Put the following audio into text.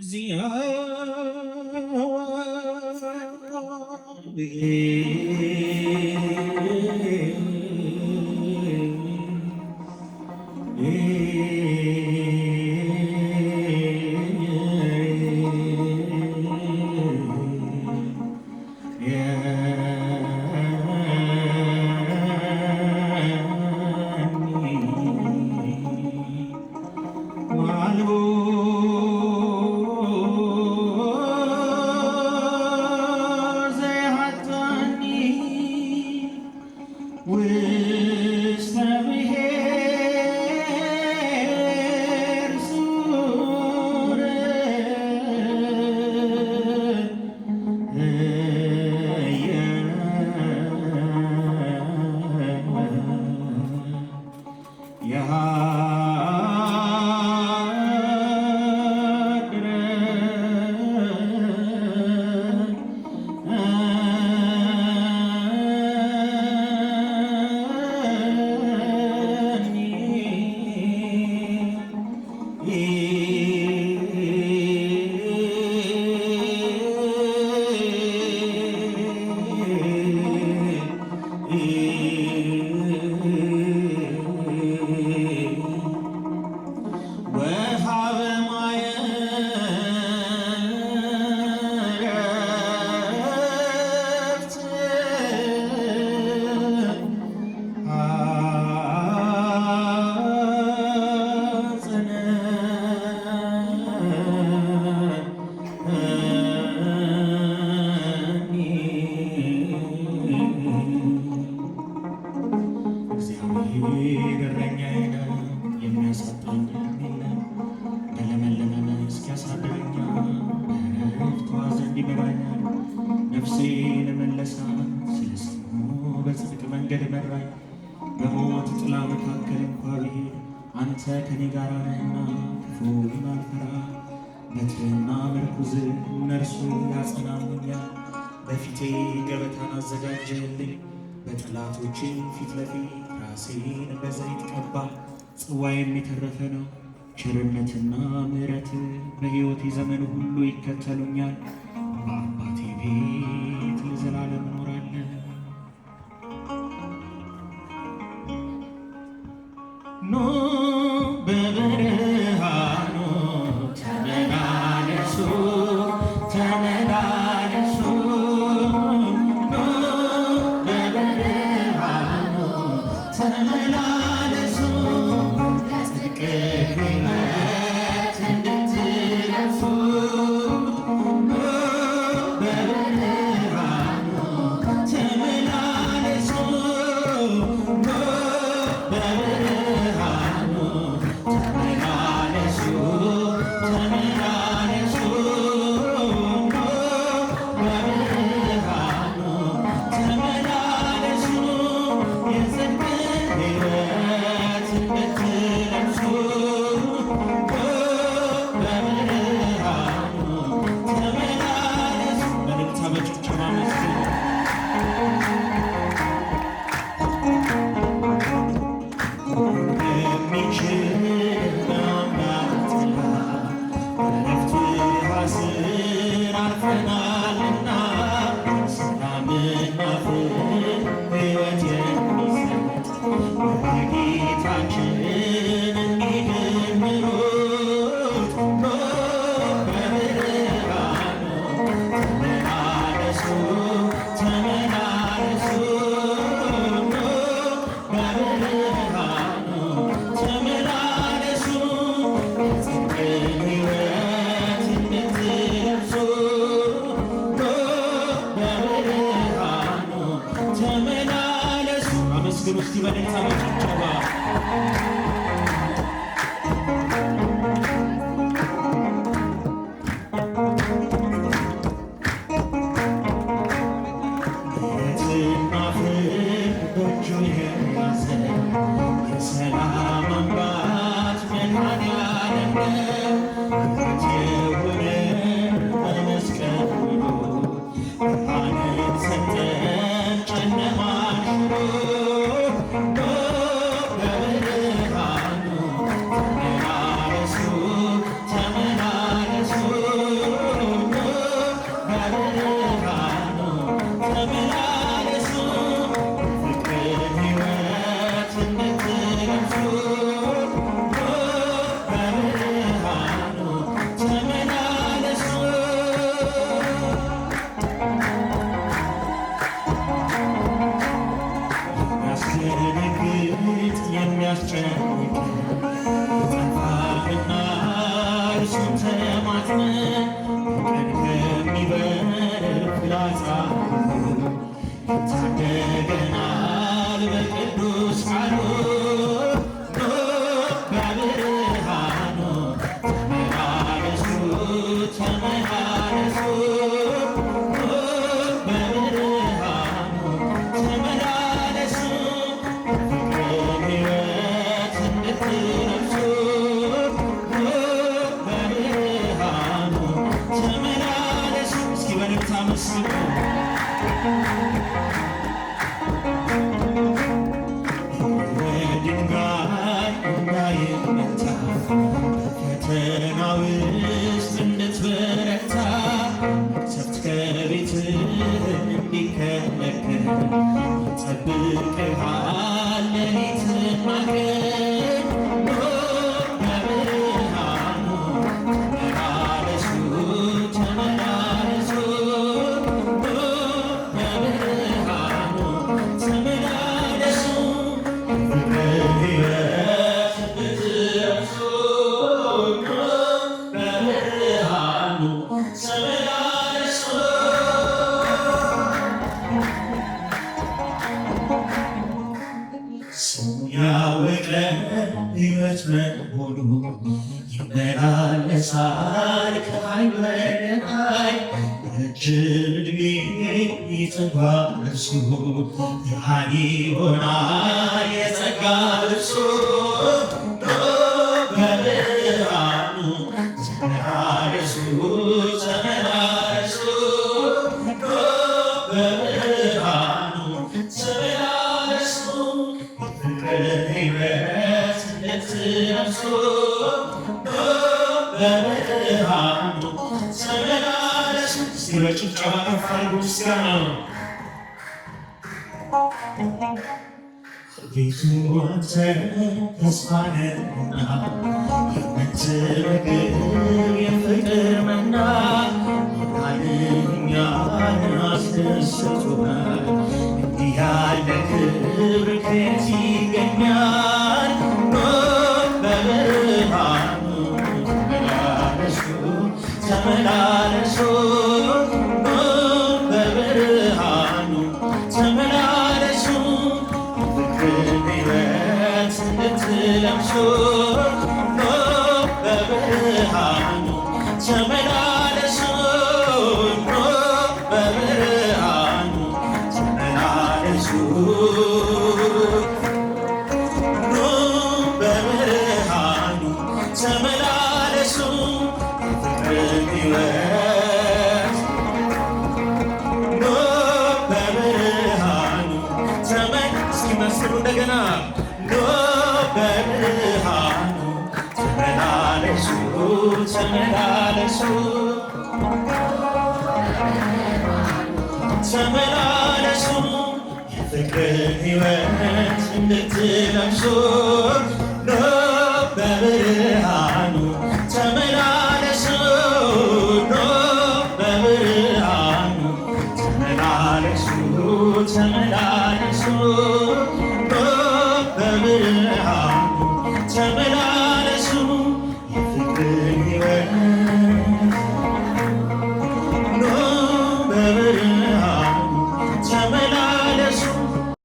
Zion. ይመራል። ነፍሴን መለሳት ስለ ስሙ በጽድቅ መንገድ መራኝ። በሞት ጥላ መካከል እንኳ ብሄድ አንተ ከኔ ጋር ነህና ክፉን አልፈራም። በትርህና ምርኩዝህ እነርሱ ያጸናኑኛል። በፊቴ ገበታን አዘጋጀህልኝ በጠላቶቼ ፊት ለፊት ራሴን በዘይት ቀባ ጽዋዬም የተረፈ ነው። ቸርነትና ምሕረትህ በሕይወቴ ዘመን ሁሉ ይከተሉኛል። በአባቴ ቤት ለዘላለም እኖራለሁ። ኑ በብርሃኑ ተመላለሱ፣ ተመላለሱ በብርሃኑ ተመላለሱ Ramesh Krishna Vedanta Vedanta Vedanta casa. ረጅም ዕድሜ የጸጋ ልብሱ ሆና የጸጋ ልብሱ በብርሃኑ ጸመራሱ ጸመራሱ በጭብጨባ ከፍ አድርጉ ምስጋና ቤቱ አንተ ተስፋ ነህና የምትመግብ የፍቅር መና እኛን አስደስቶናል እንዲህ ያለ ክብር ከዚህ ዘመን አደሱኝ በብርሃኑ ዘመን አደሱኝ በብርሃኑ ዘመን አደሱኝ ተመላለሱ ተመላለሱ የፍቅርን እንድትለብሱ በብርሃኑ ተመላለሱ በብርሃኑ ተመላለሱ ተመላ